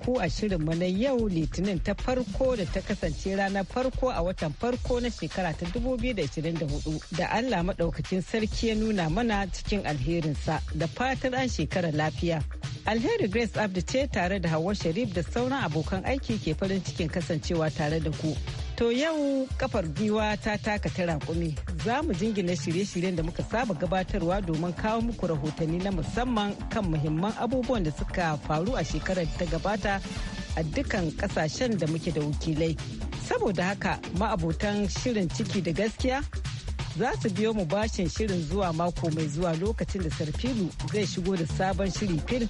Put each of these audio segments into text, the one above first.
ku a shirin mu na yau litinin ta farko da ta kasance ranar farko a watan farko na shekara ta 2024 da Allah maɗaukakin sarki ya nuna mana cikin alherinsa da fatan an shekara lafiya. Alheri Grace Abdi ce tare da Hauwa Sharif da sauran abokan aiki ke farin cikin kasancewa tare da ku. To yau kafar giwa ta taka ta raƙumi za mu jingina shirye-shiryen da muka saba gabatarwa domin kawo muku rahotanni na musamman kan muhimman abubuwan da suka faru a shekarar ta gabata a dukkan kasashen da muke da wakilai. Saboda haka ma'abotan shirin ciki da gaskiya za su biyo mu bashin shirin zuwa mako mai zuwa lokacin da sarfilu zai shigo da sabon shiri fil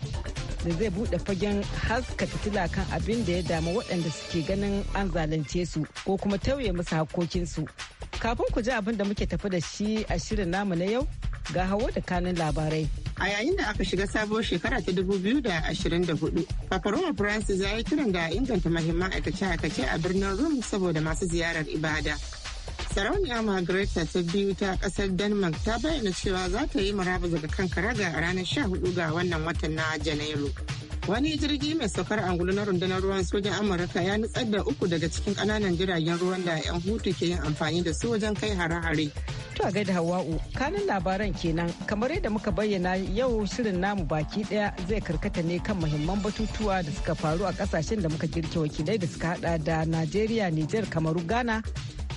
da zai buɗe fagen haska fitila kan abin da ya damu waɗanda suke ganin an zalunce su ko kuma tauye musu hakokinsu. Kafin ku ji abin da muke tafi da shi a shirin namu na yau ga hawa da kanun labarai. A yayin da aka shiga sabuwar shekara ta 2024, Roma Francis ya yi kiran da inganta mahimman aikace-aikace a birnin Rome saboda masu ziyarar ibada. Sarauniya Margareta ta biyu ta kasar Denmark ta bayyana cewa za ta yi maraba daga kan karaga a ranar 14 ga wannan watan na Janairu. Wani jirgi mai saukar angulu na rundunar ruwan sojan Amurka ya nutsar da uku daga cikin kananan jiragen ruwan da 'yan hutu ke yin amfani da su wajen kai hare-hare. To a gaida Hawa'u, kanin labaran kenan kamar yadda muka bayyana yau shirin namu baki daya zai karkata ne kan muhimman batutuwa da suka faru a kasashen da muka girki wakilai da suka hada da Najeriya, Nijar, Kamaru, Ghana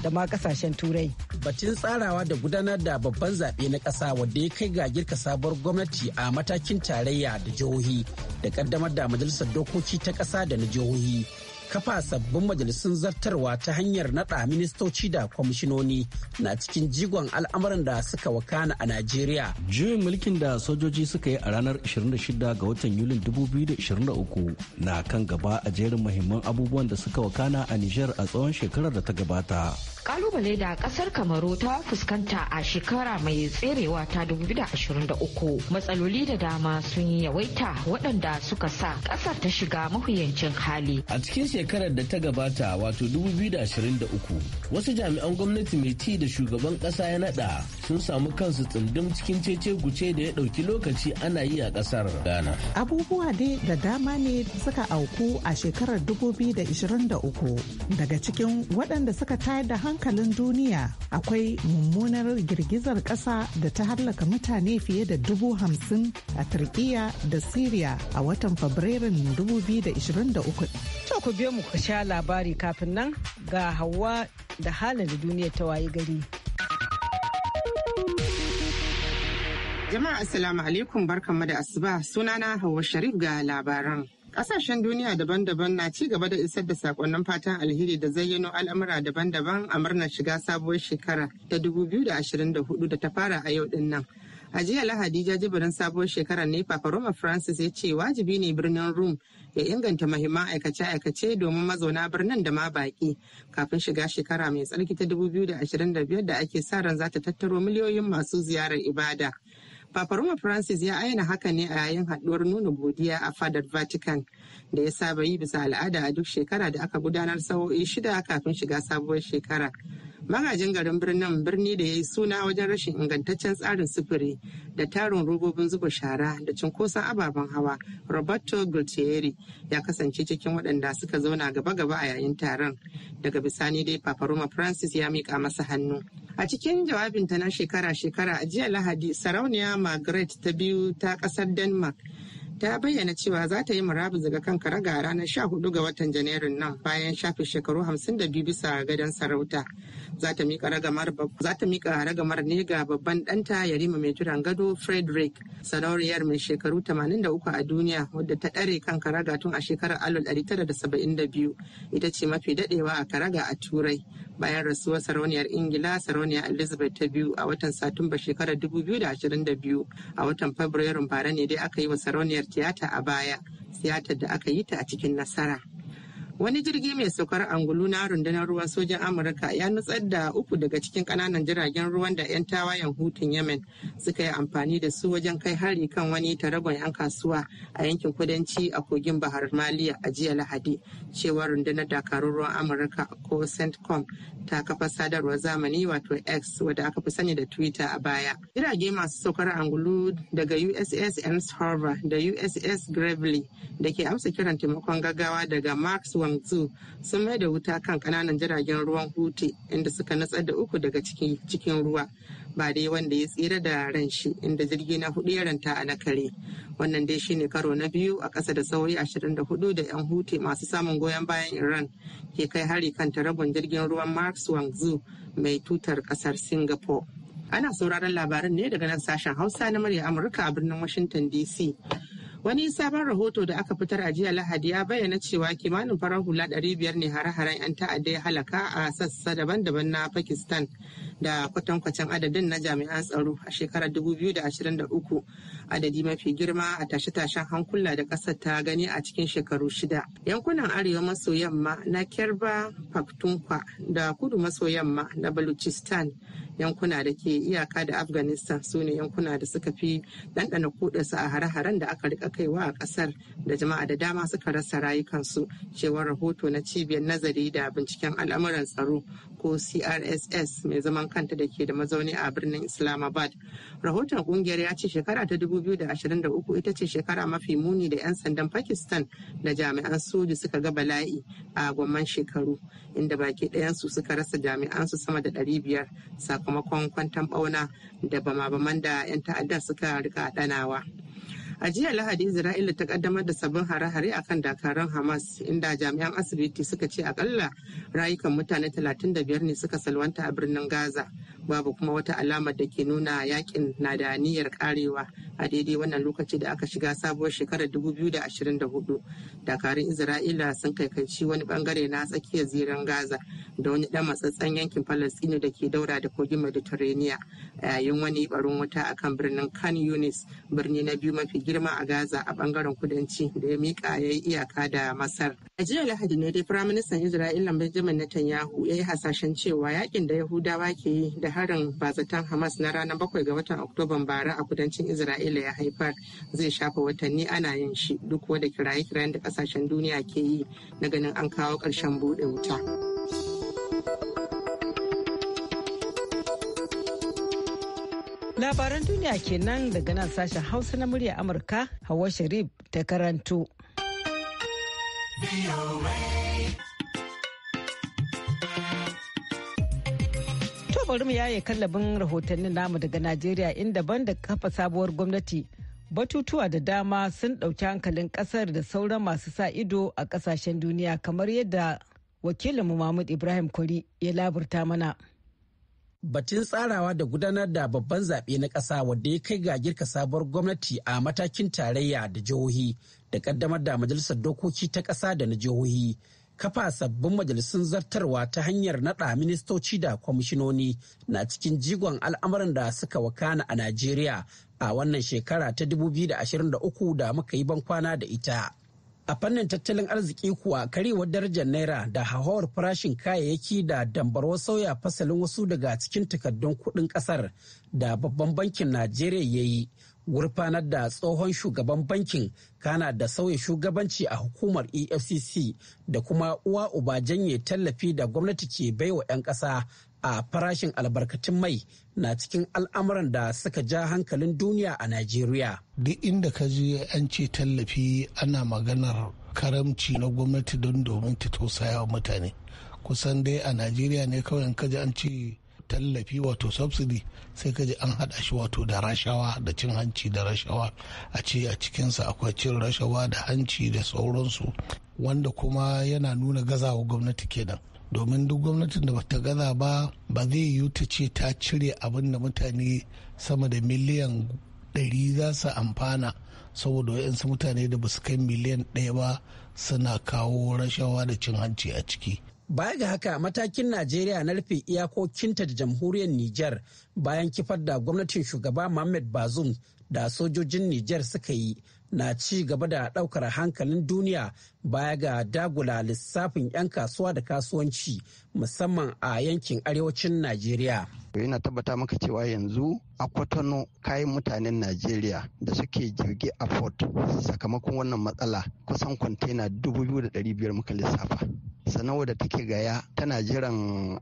da ma kasashen turai. Batun tsarawa da gudanar da babban zaɓe na ƙasa wadda ya kai ga girka sabuwar gwamnati a matakin tarayya da jihohi da ƙaddamar da majalisar dokoki ta ƙasa da na jihohi kafa sabbin majalisun zartarwa ta hanyar naɗa ministoci da kwamishinoni na cikin jigon al'amuran da suka wakana a Najeriya. Juyin mulkin da sojoji suka yi a ranar 26 ga watan Yulin 2023 na kan gaba a jerin muhimman abubuwan da suka wakana a Nijar a tsawon shekarar da ta gabata. kalubale da kasar kamaru ta fuskanta a shekara mai tserewa ta 2023 matsaloli da dama sun yi yawaita waɗanda suka sa kasar ta shiga mahuyancin hali a cikin shekarar da ta gabata wato 2023 wasu jami'an gwamnati mai ci da shugaban ƙasa ya naɗa sun samu kansu tsundum cikin cece guce da ya ɗauki lokaci ana yi a ƙasar ghana abubuwa dai da dama ne suka auku a shekarar 2023 daga cikin waɗanda suka tayar da hankali hankalin duniya akwai mummunar girgizar ƙasa da ta hallaka mutane fiye da dubu hamsin a turkiya da syria a watan fabrairun 2023 to ku biyo mu ku sha labari kafin nan ga hawa da halin da duniya ta wayi gari jama'a assalamu alaikum barkanmu da asuba sunana hawa sharif ga labaran kasashen duniya daban-daban na ci gaba da isar da sakonnin fatan alheri da zayyano al'amura daban-daban a murnar shiga sabuwar shekara ta 2024 da ta fara a yau din nan. A jiya Lahadi jajibirin sabuwar shekarar ne Papa Roma Francis ya ce wajibi ne birnin Rum ya inganta mahimman aikace-aikace domin mazauna birnin da ma baƙi kafin shiga shekara mai tsarki ta 2025 da ake sa ran za ta tattaro miliyoyin masu ziyarar ibada. Papa Roma Francis ya aina haka ne a yayin haɗuwar nuna godiya a fadar Vatican da ya saba yi bisa al'ada a duk shekara da aka gudanar sa'o'i shida kafin shiga sabuwar shekara. magajin garin birnin birni da ya yi suna wajen rashin ingantaccen tsarin sufuri da tarin robobin zuba shara da cunkoson ababen hawa roberto gultieri ya kasance cikin waɗanda suka zauna gaba-gaba a yayin taron daga bisani dai paparoma francis ya miƙa masa hannu a cikin jawabinta na shekara-shekara a jiya lahadi sarauniya margaret ta biyu ta ƙasar denmark ta bayyana cewa za ta yi murabus daga kan karaga ranar 14 ga watan janairun nan bayan shafe shekaru 52 bisa gadon sarauta za ta mika ragamar ne ga babban ɗanta Yarima mai turan gado Frederick sarauniyar mai shekaru 83 a duniya wadda ta ɗare kan karaga tun a shekarar 1972 ita ce mafi dadewa a karaga a Turai bayan rasuwar sarauniyar Ingila sarauniyar Elizabeth ta biyu a watan Satumba shekarar 2022 a watan Fabrairun bara ne dai aka yi wa sarauniyar tiyata a baya tiyatar da aka yi ta a cikin nasara. wani jirgi mai saukar angulu na rundunar ruwan sojan amurka ya nutsar da uku daga cikin kananan jiragen ruwan da 'yan tawayen hutun yemen suka yi amfani da su wajen kai hari kan wani taragon 'yan kasuwa a yankin kudanci a kogin bahar maliya a jiya lahadi cewa rundunar dakarun ruwan amurka ko centcom ta kafa sadarwar zamani wato x wadda aka fi sani da twitter a baya jirage masu saukar angulu daga uss ernst harbor da uss gravely da ke amsa kiran taimakon gaggawa daga marks guangzhou sun mai da wuta kan kananan jiragen ruwan huti inda suka natsar da uku daga cikin ruwa ba dai wanda ya tsira da ran shi inda jirgi na hudu ya ranta a nakare wannan dai shine karo na biyu a ƙasa da sauri ashirin da hudu da 'yan huti masu samun goyon bayan iran ke kai hari kan taragon jirgin ruwan max wangzu mai tutar ƙasar singapore ana sauraron labaran ne daga nan sashen hausa na murya amurka a birnin washington dc Wani sabon rahoto da aka fitar a jiya Lahadi ya bayyana cewa kimanin farar hula 500 ne hare-haren 'yan ta'adda ya halaka a sassa daban-daban na Pakistan da kwatankwacin adadin na jami'an tsaro a shekarar 2023 adadi mafi girma a tashe-tashen hankula da ƙasar ta gani a cikin shekaru shida. Yankunan arewa maso yamma na Kerba Paktunkwa da kudu maso yamma na Baluchistan yankuna da ke iyaka da afghanistan su ne yankuna da suka fi ɗanɗana su a hare-haren da aka rika kaiwa a ƙasar da jama'a da dama suka rasa rayukansu cewar rahoto na cibiyar nazari da binciken al'amuran tsaro ko crss mai zaman kanta da ke da mazauni a birnin islamabad rahoton kungiyar ya ce shekara ta 2023 ita ce shekara mafi muni da 'yan sandan pakistan da jami'an soji suka ga bala'i a gwamman shekaru inda baki ɗayansu suka rasa jami'ansu sama da 500 sakamakon kwantan bauna da bama-baman da 'yan ta'addar suka rika ɗanawa. A jiya Lahadi Isra'ila ta kaddamar da sabbin hare-hare akan dakarun Hamas inda jami'an asibiti suka ce akalla rayukan mutane 35 ne suka salwanta a birnin Gaza. Babu kuma wata alamar da ke nuna yakin na da niyyar karewa a daidai wannan lokaci da aka shiga sabuwar shekarar 2024. Dakarun Isra'ila sun kaikaici wani bangare na tsakiyar ziran Gaza da wani dan matsatsen yankin Falastinu da ke daura da kogin Mediterranean yayin wani barin wuta akan birnin Khan Yunis birni na biyu mafi girma a Gaza a bangaren kudanci da ya miƙa ya yi iyaka da Masar. A jiya Lahadi ne dai Firaministan Isra'ila Benjamin Netanyahu ya yi hasashen cewa yakin da Yahudawa ke yi da harin bazatan Hamas na ranar bakwai ga watan Oktoban bara a kudancin Isra'ila ya haifar zai shafa watanni ana yin shi duk wada kiraye-kirayen da kasashen duniya ke yi na ganin an kawo ƙarshen buɗe wuta. Labaran duniya kenan daga nan sashen Hausa na murya Amurka, Hawa Sharif ta karanto. To bari mu yaye kallabin rahotannin namu daga Najeriya inda ban da kafa sabuwar gwamnati. Batutuwa da dama sun ɗauki hankalin ƙasar da sauran masu sa ido a ƙasashen duniya kamar yadda wakilinmu Mahmud Ibrahim Kwari ya laburta mana. batun tsarawa da gudanar da babban zaɓe na ƙasa wadda ya kai ga girka sabuwar gwamnati a matakin tarayya da jihohi da ƙaddamar da majalisar dokoki ta ƙasa da na jihohi kafa sabbin majalisun zartarwa ta hanyar naɗa ministoci da kwamishinoni na cikin jigon al'amuran da suka wakana a najeriya a wannan shekara ta 2023 da muka yi bankwana da ita A fannin tattalin arziki kuwa karewar darajar Naira da hauhawar farashin kayayyaki da dambarwa sauya fasalin wasu daga cikin takardun kuɗin ƙasar da babban bankin Najeriya ya yi gurfanar da tsohon shugaban bankin kana da sauya shugabanci a hukumar efcc da kuma uwa uba janye tallafi da gwamnati ke baiwa 'yan ƙasa a farashin albarkatun mai na cikin al'amuran da suka ja hankalin duniya a Najeriya. Duk inda ka je an ce tallafi ana maganar karamci na gwamnati don domin ta tausaya wa mutane. Kusan dai a Najeriya ne kawai ka ji an ce tallafi wato subsidy sai ka ji an haɗa shi wato da rashawa da cin hanci da rashawa a ce a cikinsa akwai cin rashawa da hanci da sauransu wanda kuma yana nuna gazawa gwamnati kenan. domin duk gwamnatin da bata gaza ba ba zai yiwu ta ce ta cire abin da mutane sama da miliyan 100 za su amfana saboda wayansu mutane da ba kai miliyan 1 ba suna kawo rashawa da cin hanci a ciki. Baya ga haka matakin Najeriya na rufe iyakokinta da jamhuriyar niger bayan kifar da gwamnatin shugaba Mohamed Bazoum da sojojin niger suka yi na ci gaba da daukar hankalin duniya baya ga dagula lissafin 'yan kasuwa da kasuwanci musamman a yankin arewacin najeriya yana tabbata maka cewa yanzu a kwatano kayan mutanen najeriya da suke jirgi a port sakamakon wannan matsala kusan kwantena 2,500 muka lissafa sanawa da take gaya tana jiran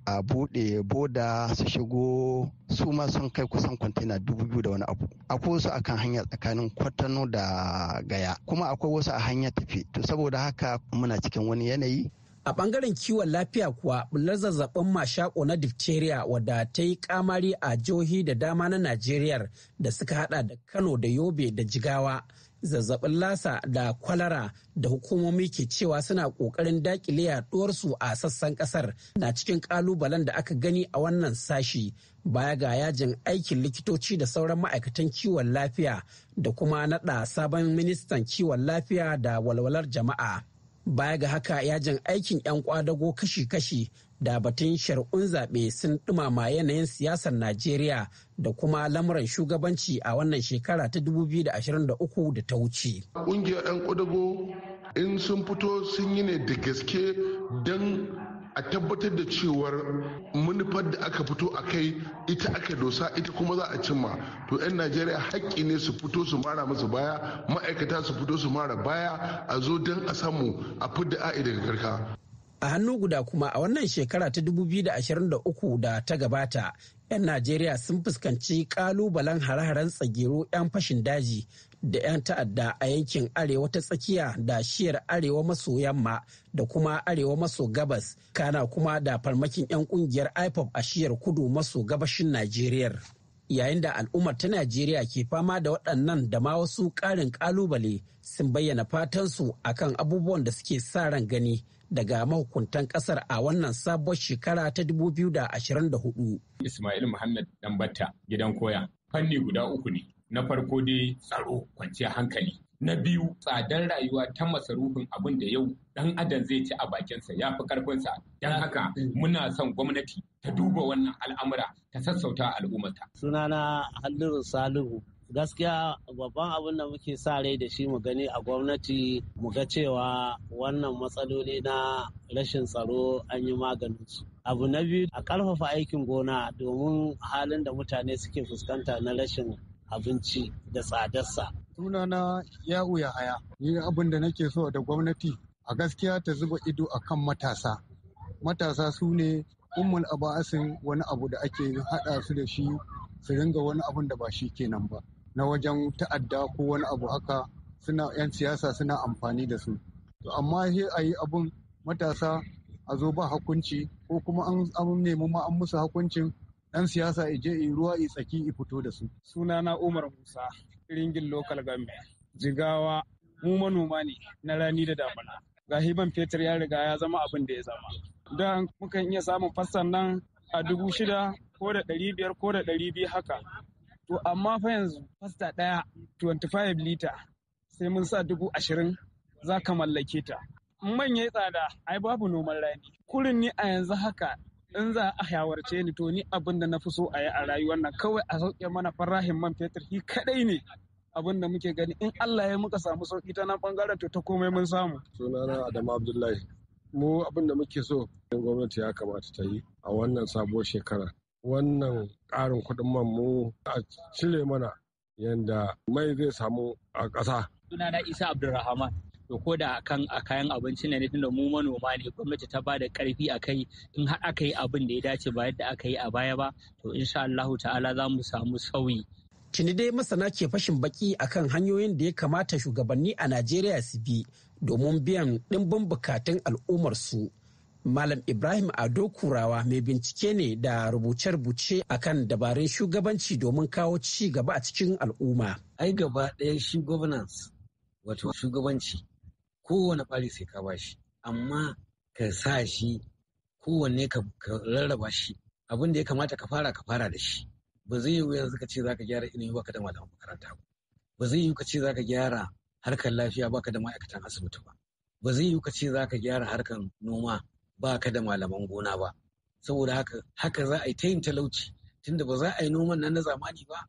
a bude boda su shigo su ma sun kai kusan kwantena dubu da wani abu akwai wasu akan hanya tsakanin kwatano da gaya kuma akwai wasu a hanyar tafi to saboda haka haka muna cikin wani yanayi a bangaren kiwon lafiya kuwa bular zazzabin mashako na diphtheria wadda ta yi kamari a jihohi da dama na najeriya da suka hada da kano da yobe da jigawa zazzabin lasa da kwalara da hukumomi ke cewa suna kokarin dakile yaduwarsu a sassan kasar na cikin kalubalen da aka gani a wannan sashi baya ga yajin aikin likitoci da sauran ma'aikatan kiwon lafiya da kuma nada sabon ministan kiwon lafiya da walwalar jama'a baya ga haka yajin aikin 'yan kwadago kashi-kashi da batun shari'un zaɓe sun ɗumama yanayin siyasar Najeriya da kuma lamuran shugabanci a wannan shekara ta 2023 da ta wuce. Ƙungiyar 'yan ƙudugo in sun fito sun yi ne da gaske don a tabbatar da cewar manufar da aka fito a kai ita aka dosa ita kuma za a cimma to 'yan najeriya haƙƙi ne su fito su mara musu baya ma'aikata su fito su mara baya a zo don a samu a fidda a'i daga karka a hannu guda kuma a wannan shekara ta 2023 da ta gabata 'yan najeriya sun fuskanci kalubalen hare-haren tsagero 'yan fashin daji da 'yan ta'adda a yankin arewa ta tsakiya da shiyar arewa maso yamma da kuma arewa maso gabas kana kuma da farmakin 'yan kungiyar ipop a shiyar kudu maso gabashin najeriya yayin da al'ummar ta najeriya ke fama da waɗannan da ma wasu ƙarin ƙalubale sun bayyana fatansu akan abubuwan da suke sa ran gani daga mahukuntan kasar a wannan sabuwar shekara ta 2024. Ismail Muhammad Dambata gidan koya fanni guda uku ne. Na farko dai tsaro kwanciyar hankali. Na biyu tsadar rayuwa ta masarufin abin da yau dan adam zai ci a bakinsa ya fi karfinsa. Don haka muna son gwamnati ta duba wannan al'amura ta sassauta al'ummata. Sunana Halliru Salihu gaskiya babban abin da muke sa rai da shi mu gani a gwamnati mu ga cewa wannan matsaloli na rashin tsaro an yi maganin su abu na biyu a karfafa aikin gona domin halin da mutane suke fuskanta na rashin abinci da tsadarsa na ya uya haya ni abin da nake so da gwamnati a gaskiya ta zuba ido a kan matasa matasa su ne ummul abasin wani abu da ake haɗa su da shi su ringa wani abun da ba shi kenan ba na wajen ta'adda ko wani abu haka suna 'yan siyasa suna amfani da su to amma sai a yi abun matasa a zo ba hakunci ko kuma an nemi ma an musu hakuncin ɗan siyasa ije i ruwa i tsaki i fito da su sunana umar musa ringin local gambe jigawa mu manoma ne na rani da damuna ga hiban fetur ya riga ya zama abin da ya zama da mukan iya samun fassan nan a dubu shida ko da ɗari biyar ko da ɗari biyu haka to amma fa yanzu fasta ɗaya 25 lita sai mun sa dubu ashirin za ka mallake ta manya tsada ai babu noman rani kurin ni a yanzu haka in za a yawarce ni to ni abin da na fi so a yi a rayuwar nan kawai a sauke mana farahin man fetur shi kaɗai ne abin da muke gani in Allah ya muka samu sauki ta nan bangaren to ta komai mun samu sunana Adamu Abdullahi mu abin da muke so gwamnati ya kamata ta yi a wannan sabuwar shekara wannan ƙarin kuɗin man mu a cire mana yanda mai zai samu a ƙasa. Sunana Isa Abdulrahman. to ko da kan a kayan abinci ne tunda mu manoma ne gwamnati ta bada karfi a kai in har aka yi abin da ya dace ba yadda aka yi a baya ba to insha Allahu ta'ala za mu samu sauyi Tuni dai masana ke fashin baki akan hanyoyin da ya kamata shugabanni a Najeriya su bi domin biyan ɗimbin bukatun al'ummarsu. su Malam Ibrahim Ado Kurawa mai bincike ne da rubuce-rubuce akan dabarun shugabanci domin kawo ci gaba a cikin al'umma. Ai gaba ɗaya shi governance wato shugabanci kowane ɓari sai ka bashi amma ka sa shi kowanne ka rarraba shi abin da ya kamata ka fara ka fara da shi ba zai yiwu yanzu ka ce za ka gyara ilimi baka da malaman makaranta ba ba zai yiwu ka ce za ka gyara harkar lafiya baka da ma'aikatan asibiti ba ba zai yiwu ka ce za ka gyara harkar noma ba ka da malaman gona ba saboda haka haka za a yi ta yin talauci tunda ba za a yi noman nan na zamani ba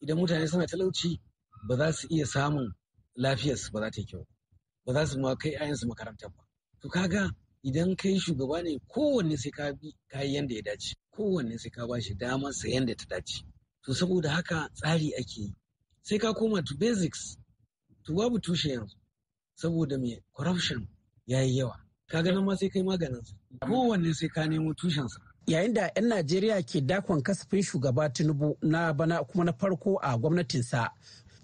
idan mutane suna talauci ba za su iya samun lafiyarsu ba za ta yi kyau ba za su ma kai ayansu makarantar ba to kaga idan kai shugaba ne kowanne sai ka bi kayi yanda ya dace kowanne sai ka bashi damar sa yanda ta dace to saboda haka tsari ake yi sai ka koma to basics to babu tushe yanzu saboda me corruption ya yi yawa ka ganin ma sai kai maganin su kowanne sai ka nemo tushensa yayin da 'yan najeriya ke dakon kasafin shugaba tinubu na bana kuma na farko a gwamnatinsa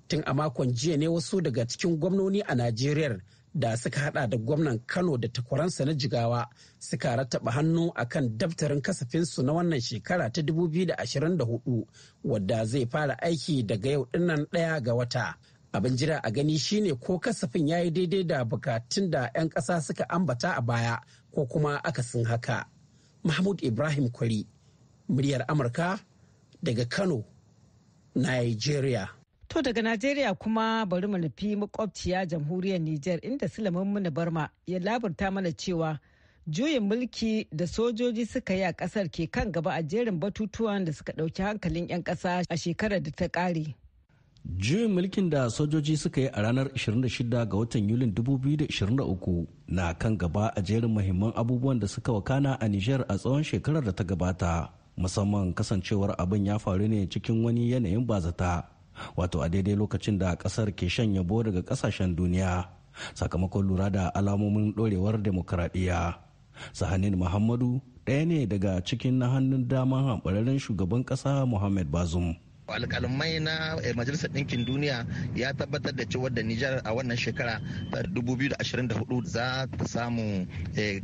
tun a makon jiya ne wasu daga cikin gwamnoni a najeriya da suka hada da gwamnan kano da takwaransa na jigawa suka rattaba hannu akan daftarin kasafinsu na wannan shekara ta 2024 wadda zai fara aiki daga yau dinnan daya ga wata abin jira a gani shine ko kasafin ya yi daidai da bukatun da 'yan ƙasa suka ambata a baya ko kuma aka sun haka mahmud ibrahim kwari muryar amurka daga kano nigeria to daga nigeria kuma bari mu nufi makwabciya jamhuriyar niger inda sulaiman muna barma ya labarta mana cewa juyin mulki da sojoji suka yi a kasar ke kan gaba a jerin batutuwan da suka ɗauki hankalin 'yan ƙasa a shekarar da ta ƙare. Juyin mulkin da sojoji suka yi a ranar 26 ga watan Yulin 2023 na kan gaba a jerin mahimman abubuwan da suka wakana a Nijar a tsawon shekarar da ta gabata, musamman kasancewar abin ya faru ne cikin wani yanayin bazata, wato a daidai lokacin da kasar ke shan yabo daga kasashen duniya, sakamakon lura da alamomin ɗorewar demokradiyya. Sahanin Muhammadu ɗaya ne daga cikin na hannun daman shugaban ƙasa Muhammad Bazum. alƙalmai na eh, majalisar ɗinkin duniya ya tabbatar da cewa da nijar a wannan shekara ta 2024 za ta samu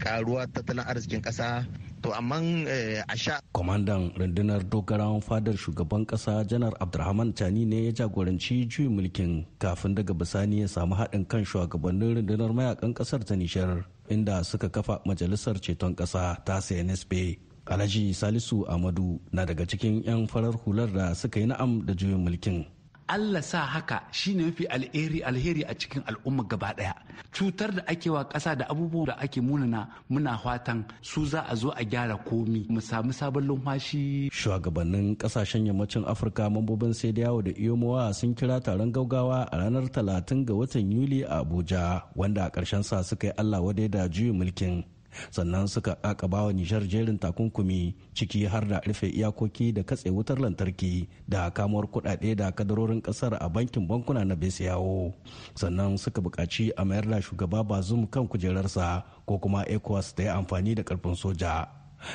karuwa eh, tattalin arzikin ƙasa to amma eh, a sha kwamandan rundunar dogaran fadar shugaban ƙasa janar abdulrahman tani ne ya jagoranci juyin mulkin kafin daga bisani ya samu haɗin kan shugabannin rundunar mayakan ƙasar ta nijar inda suka kafa majalisar ceton ƙasa ta cnsp alhaji salisu amadu na daga cikin 'yan farar hular da suka yi na'am da juyin mulkin Allah sa haka shine mafi alheri alheri a cikin al'umma gaba daya cutar da ake wa ƙasa da abubuwan da ake munana muna fatan su za a zo a gyara komi mu samu sabon lumfashi shugabannin kasashen yammacin afirka mambobin sai da yawo da iyomowa sun kira taron gaugawa a ranar talatin ga watan yuli a abuja wanda a ƙarshen sa suka yi allah wadai da juyin mulkin sannan suka kakaba wa nishar jerin takunkumi ciki har da rufe iyakoki da katse wutar lantarki da kamuwar kuɗaɗe da kadarorin ƙasar a bankin bankuna na besiyawo sannan suka buƙaci a mayar da shugaba bazum kan kujerarsa ko kuma ecowas da ya amfani da karfin soja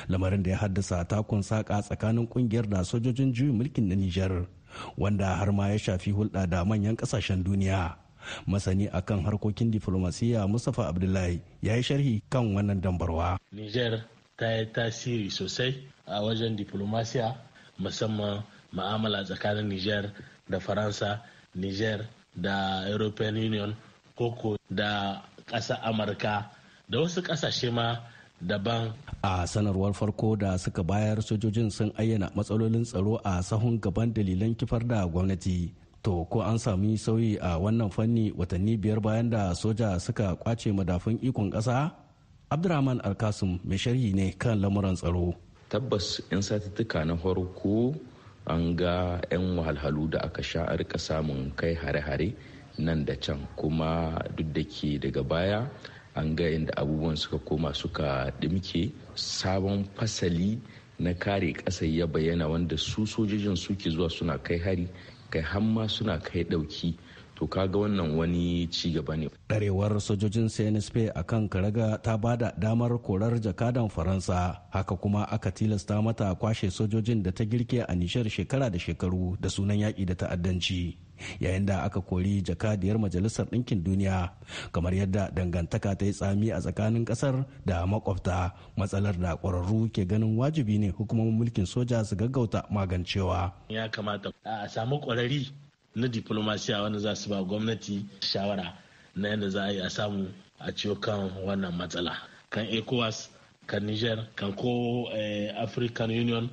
lamarin da ya haddasa takun saƙa tsakanin ƙungiyar da sojojin juyin mulkin na nijar wanda har ma ya shafi hulɗa da manyan ƙasashen duniya masani a kan harkokin diflomasiyya mustapha abdullahi ya yi sharhi kan wannan dambarwa niger ta yi tasiri sosai a wajen diflomasiya musamman ma'amala tsakanin niger da faransa niger da european union koko da ƙasa amurka da wasu ƙasashe ma daban. A sanarwar farko da suka bayar sojojin sun ayyana matsalolin tsaro a sahun gaban dalilan kifar da gwamnati to ko an sami sauyi a wannan fanni watanni biyar bayan da soja suka kwace madafun ikon ƙasa abdurrahman alkasum mai sharhi ne kan lamuran tsaro tabbas 'yan satuttuka na farko an ga 'yan wahalhalu da aka sha a rika samun kai hare-hare nan da can kuma duk da ke daga baya an ga inda abubuwan suka koma suka dimke sabon fasali na kare ƙasa ya bayyana wanda su sojojin suke zuwa suna kai hari kai hamma suna kai ɗauki to kaga wannan wani ci gaba ne. Darewar sojojin CNSP a kan Karaga ta bada damar korar jakadan Faransa haka kuma aka tilasta mata kwashe sojojin da ta girke a nishar shekara da shekaru da sunan yaƙi da ta'addanci. yayin da aka kori jakadiyar majalisar ɗinkin duniya kamar yadda dangantaka ta yi tsami a tsakanin ƙasar da makwabta matsalar da ƙwararru ke ganin wajibi ne hukumomin mulkin soja su gaggauta magancewa ya kamata a samu ƙwararri na diplomasiya wanda za su ba gwamnati shawara na yadda za a yi a samu a ciwo kan wannan matsala kan ecowas kan niger kan ko eh, african union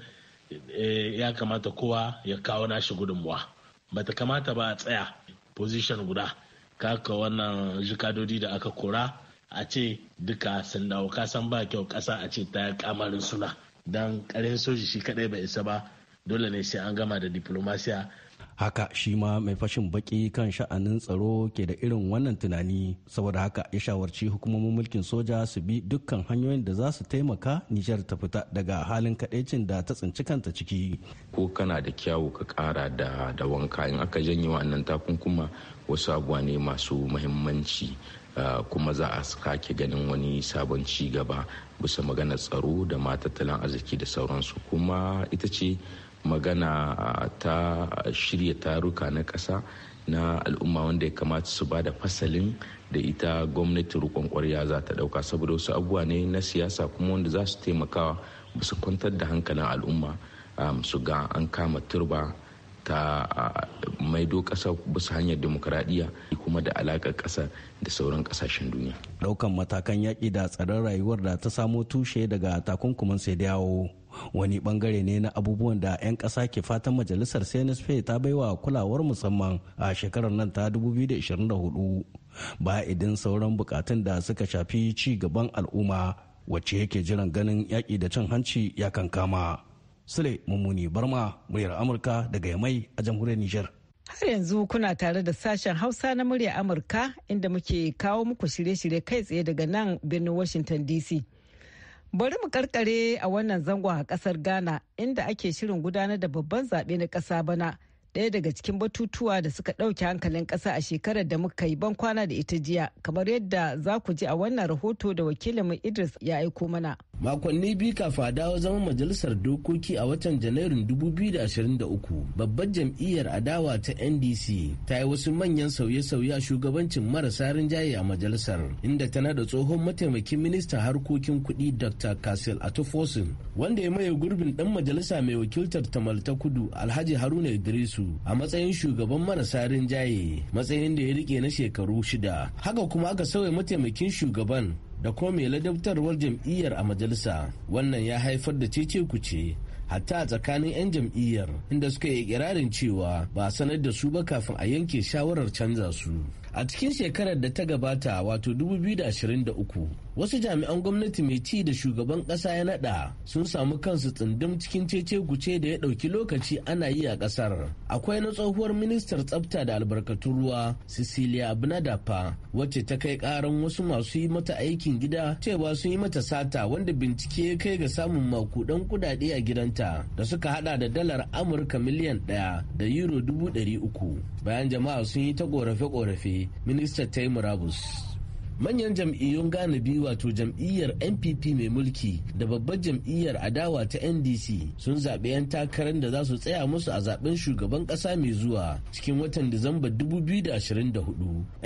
eh, ya kamata kowa ya kawo nashi gudunmuwa bata kamata ba a tsaya position guda kaka wannan jikadodi da aka kora a ce duka sun dawo kasan ba kyau kasa a ce ta kamarin suna don karin soji shi kadai ba isa ba dole ne sai an gama da diplomasiya haka shi ma mai fashin baki kan sha'anin tsaro ke da irin wannan tunani saboda haka ya shawarci hukumomin mulkin soja su bi dukkan hanyoyin da za su taimaka nijar ta fita daga halin kadaicin da ta tsinci kanta ciki ko kana da kyawu ka kara da da wanka in aka janye wannan takunkuma wasu abuwa ne masu muhimmanci ah, kuma za a sake ganin wani sabon ci gaba bisa maganar tsaro da ma tattalin arziki da sauransu kuma ita ce magana ta shirya taruka na ƙasa na al'umma wanda ya kamata su ba da fasalin da ita gwamnati rukon kwarya za ta ɗauka saboda wasu abuwa ne na siyasa kuma wanda za su taimakawa su kwantar da hankalin al'umma um, su ga an kama turba ta uh, maido ƙasa bisa hanyar demokuraɗiyya kuma da alaƙar ƙasa da sauran ƙasashen duniya. Ɗaukan matakan yaƙi da tsaron rayuwar da ta samo tushe daga takunkumin sai dawo. wani bangare ne na abubuwan da 'yan ƙasa ke fatan majalisar cnsp ta baiwa kulawar musamman a shekarar nan ta 2024 ba idan sauran bukatun da suka shafi ci gaban al'umma wacce yake jiran ganin yaƙi da cin hanci ya kankama sule mummuni barma muryar amurka daga yamai a jamhuriyar niger Har yanzu kuna tare da sashen Hausa na murya Amurka inda muke kawo muku shirye-shirye kai tsaye daga nan birnin Washington DC. Bari mu karkare a wannan zango a kasar Ghana inda ake shirin gudanar da babban zaɓe na ƙasa bana ɗaya daga cikin batutuwa da suka ɗauke hankalin ƙasa a shekarar da muka yi ban kwana da ita jiya kamar yadda za ku ji a wannan rahoto da wakilinmu Idris ya aiko mana. makonni biyu kafa dawo zama majalisar dokoki a watan janairun 2023 babbar jam'iyyar adawa ta ndc ta yi wasu manyan sauye-sauye a shugabancin marasa rinjaye a majalisar inda ta nada tsohon mataimakin Minista harkokin kuɗi dr kasil atufosin wanda ya maye gurbin dan majalisa mai wakiltar tamal ta kudu alhaji haruna idrisu a matsayin shugaban marasa rinjaye matsayin da ya rike na shekaru shida haka kuma aka sauya mataimakin shugaban da ko mai ladabtarwar jam'iyyar a majalisa wannan ya haifar da cece kuce hatta a tsakanin 'yan jam'iyyar inda suka yi kirarin cewa ba sanar da su ba kafin a yanke shawarar canza su a cikin shekarar da ta gabata wato 2023 wasu jami'an gwamnati mai ci da shugaban kasa ya nada sun samu kansu tsundum cikin cece guce da ya dauki lokaci ana yi a kasar akwai na tsohuwar ministar tsafta da albarkatun ruwa cecilia abinadapa wacce ta kai karan wasu masu yi mata aikin gida cewa sun yi mata sata wanda bincike ya kai ga samun makudan kudade a gidanta da suka hada da dalar amurka miliyan daya da euro dubu dari uku bayan jama'a sun yi ta korafe-korafe ministan ta yi murabus manyan jam'iyyun gane biyu wato jam'iyyar npp mai mulki da babbar jam'iyyar adawa ta ndc sun zaɓi 'yan takarar da za su tsaya musu a zaben shugaban ƙasa mai zuwa cikin watan disamba 2024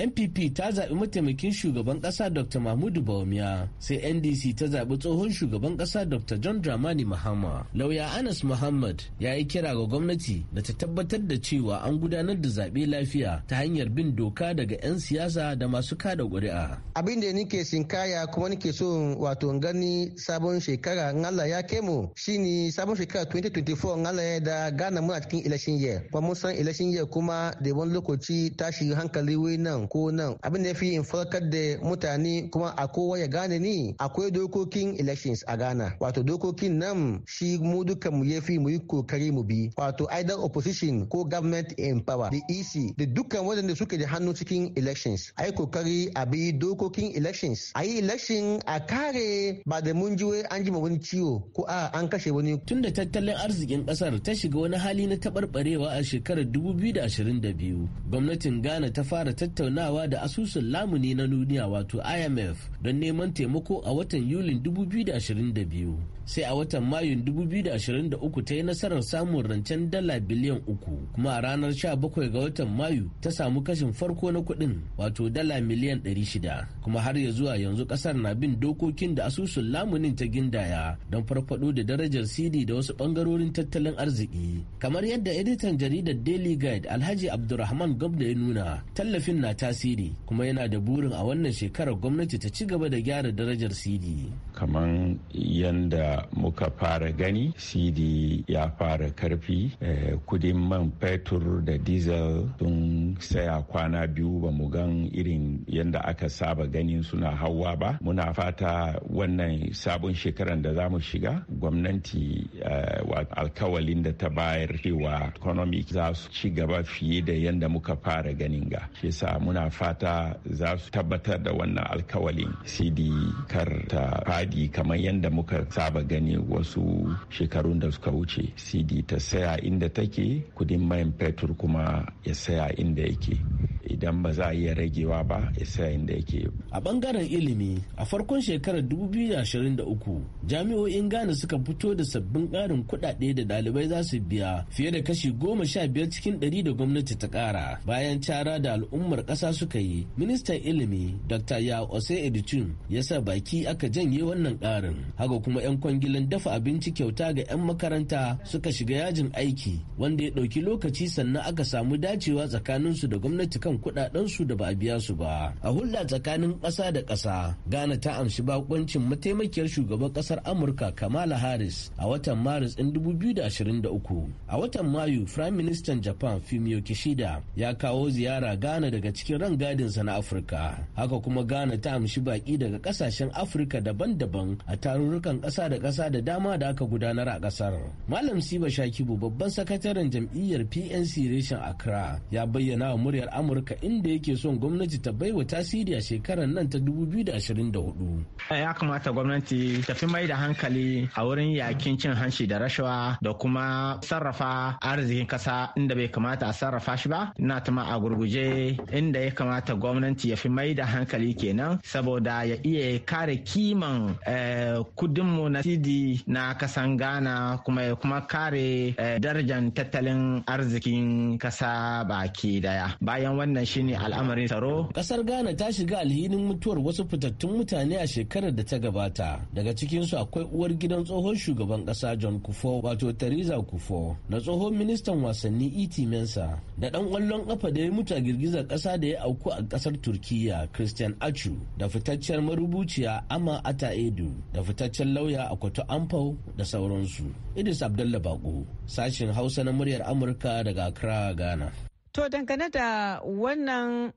npp ta zaɓi mataimakin shugaban ƙasa dr mahmudu bawumia sai ndc ta zaɓi tsohon shugaban ƙasa dr john dramani mahama lauya anas muhammad ya yi kira ga gwamnati da ta tabbatar da cewa an gudanar da zaɓe lafiya ta hanyar bin doka daga 'yan siyasa da masu kada ƙuri'a Abin da nike sinkaya kuma nike so wato gani sabon shekara in Allah ya kai mu shine sabon shekara 2024 in Allah ya da gana muna cikin election year. Kuma mun san election year kuma da wani lokaci tashi hankali wai nan ko nan. Abin da yafi in farkar da mutane kuma a kowa ya gane ni akwai dokokin elections a Ghana. Wato dokokin nan shi mu duka mu yafi mu yi kokari mu bi. Wato either opposition ko government in power. The EC da dukkan waɗanda suke da hannu cikin elections. Ai kokari a bi dokokin elections a yi election a kare ba da mun ji an ji wani ciwo ko a an kashe wani tun da tattalin arzikin kasar ta shiga wani hali na taɓarɓarewa a shekarar 2022 gwamnatin ghana ta fara tattaunawa da asusun lamuni na duniya wato imf don neman taimako a watan yulin 2022 sai a watan mayun 2023 ta yi nasarar samun rancen dala biliyan uku kuma a ranar 17 ga watan mayu ta samu kashin farko na kuɗin wato dala miliyan 600 kuma har ya zuwa yanzu kasar na bin dokokin da asusun lamunin ta gindaya don farfado da darajar cd da wasu bangarorin tattalin arziki kamar yadda editan jaridar daily guide alhaji abdurrahman gwamna ya nuna tallafin na tasiri kuma yana da burin a wannan shekarar gwamnati ta ci gaba da gyara darajar cd kamar yadda muka fara gani cd ya fara karfi eh, kudin man fetur da diesel sun saya kwana biyu ba mu gan irin yadda aka sa saba ganin suna hauwa ba muna fata wannan sabon shekaran da za mu shiga gwamnati eh, alkawalin da ta bayar cewa economy za su ci gaba fiye da yadda muka fara ganin ga shi sa muna fata za su tabbatar da wannan alkawalin cd kar ta fadi kamar yadda muka saba gani wasu shekarun da suka wuce cd ta saya inda take kudin mayan fetur kuma ya saya inda yake idan ba za a iya ragewa ba ya saya inda yake A bangaren ilimi a farkon shekarar 2023 jami'o'in Ghana suka fito da sabbin ƙarin kuɗaɗe da ɗalibai za su biya fiye da kashi goma sha biyar cikin ɗari da gwamnati ta ƙara bayan cara da al'ummar ƙasa suka yi. Ministan ilimi Dr. Ya Ose Edichun ya sa baki aka janye wannan ƙarin. Haka kuma 'yan kwangilan dafa abinci kyauta ga 'yan makaranta suka shiga yajin aiki wanda ya ɗauki lokaci sannan aka samu dacewa tsakaninsu da gwamnati kan kuɗaɗensu da ba a biya su ba. A hulɗa tsakanin ƙasa da ƙasa ghana ta amshi bakoncin mataimakiyar shugaban ƙasar amurka kamala harris a watan maris ɗin 2023 a watan mayu prime minister japan fumio kishida ya kawo ziyara ghana daga cikin ran rangadinsa na afirka haka kuma ghana ta amshi baki daga ƙasashen afirka daban-daban a tarurrukan ƙasa da ƙasa da dama da aka gudanar a ƙasar malam siba shakibu babban sakataren jam'iyyar pnc reshen accra ya bayyana wa muryar amurka inda yake son gwamnati ta baiwa tasiri a shekarar nan ta 2024. Ya kamata gwamnati tafi mai da hankali a wurin yakin cin hanci da rashawa da kuma sarrafa arzikin kasa inda bai kamata a sarrafa shi ba. Ina tuma a gurguje inda ya kamata gwamnati ya fi mai da hankali kenan saboda ya iya kare kiman eh, kudinmu na sidi na kasan Ghana kuma ya kuma kare eh, darajar tattalin arzikin kasa baki daya. Bayan wannan shine al'amarin tsaro. Kasar Ghana ta shiga ga alhinin mutuwar wasu fitattun mutane a shekarar da ta gabata daga cikinsu akwai uwar gidan tsohon shugaban kasa john kufo wato theresa kufo na tsohon ministan wasanni Itimensa, e mensa da dan kwallon kafa da ya mutu a girgizar kasa da ya auku a kasar turkiya christian achu da fitaccen marubuciya ama ata edu da fitaccen lauya a kwato amfau da sauransu idris abdullah bako sashin hausa na muryar amurka daga accra ghana To dangane da wannan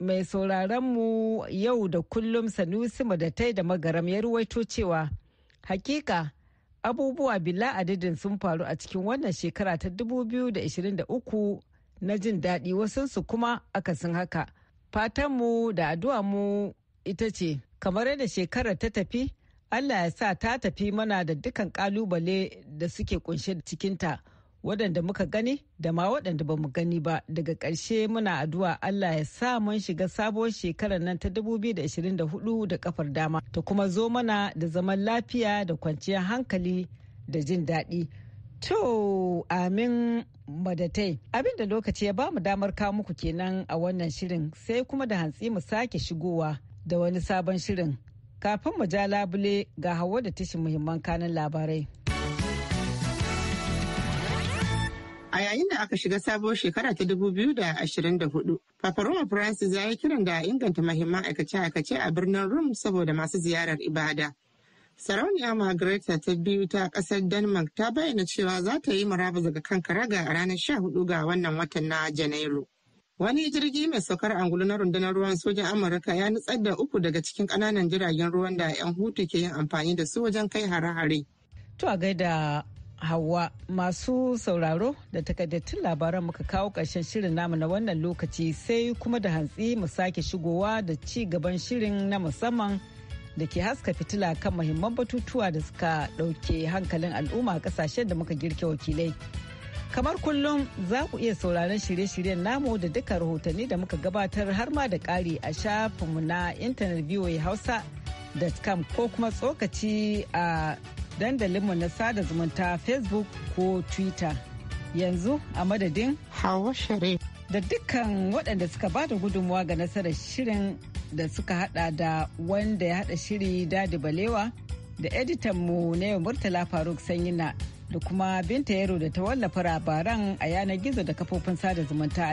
mai mu yau da kullum sanusi madatai da magaram ya ruwaito cewa hakika abubuwa bila adadin sun faru a cikin wannan shekara ta 2023 na jin daɗi wasansu kuma aka sun haka fatanmu da addu'a mu ita ce kamar yadda shekarar ta tafi allah ya sa ta tafi mana da dukkan kalubale da suke kunshe cikinta waɗanda muka gani da ma waɗanda ba mu gani ba daga karshe muna addu'a Allah ya sa mun shiga sabon shekarar nan ta 2024 da kafar dama ta kuma zo mana da zaman lafiya da kwanciyar hankali da jin daɗi. To amin madatai abin da lokaci ya ba mu damar kawo muku kenan a wannan shirin sai kuma da hantsi mu sake shigowa da wani sabon shirin kafin mu ja labule ga hawa da tashin muhimman kanin labarai. A yayin da aka shiga sabuwar shekara ta 2024, Papa Roma Francis ya yi kiran da inganta mahimman aikace-aikace a birnin Rum saboda masu ziyarar ibada. Sarauniya Margareta ta biyu ta kasar Denmark ta bayyana cewa za ta yi murabus daga kan karaga a ranar sha hudu ga wannan watan na Janairu. Wani jirgi mai saukar angulu na rundunar ruwan sojan Amurka ya nutsar da uku daga cikin kananan jiragen ruwan da 'yan hutu ke yin amfani da su wajen kai hare-hare. To a gaida Hauwa masu sauraro da takaddatun labaran muka kawo ƙarshen shirin namu na wannan lokaci sai kuma da hantsi mu sake shigowa da ci gaban shirin na musamman da ke haska fitila kan muhimman batutuwa da suka ɗauke hankalin al'umma a ƙasashen da muka girke wakilai. Kamar kullum za ku iya sauraron shirye-shiryen namu da duka rahotanni da muka gabatar har ma da ƙari a shafinmu na intanet Hausa.com ko kuma tsokaci a dandalinmu na sada zumunta facebook ko twitter yanzu a madadin hawa share da dukkan waɗanda suka ba da gudunmuwa ga nasarar shirin da suka hada da wanda ya hada shiri dadi balewa da editanmu na yau murtala faruk sanyina da kuma binta yaro da ta wallafa labaran a yanar gizo da kafofin sada zumunta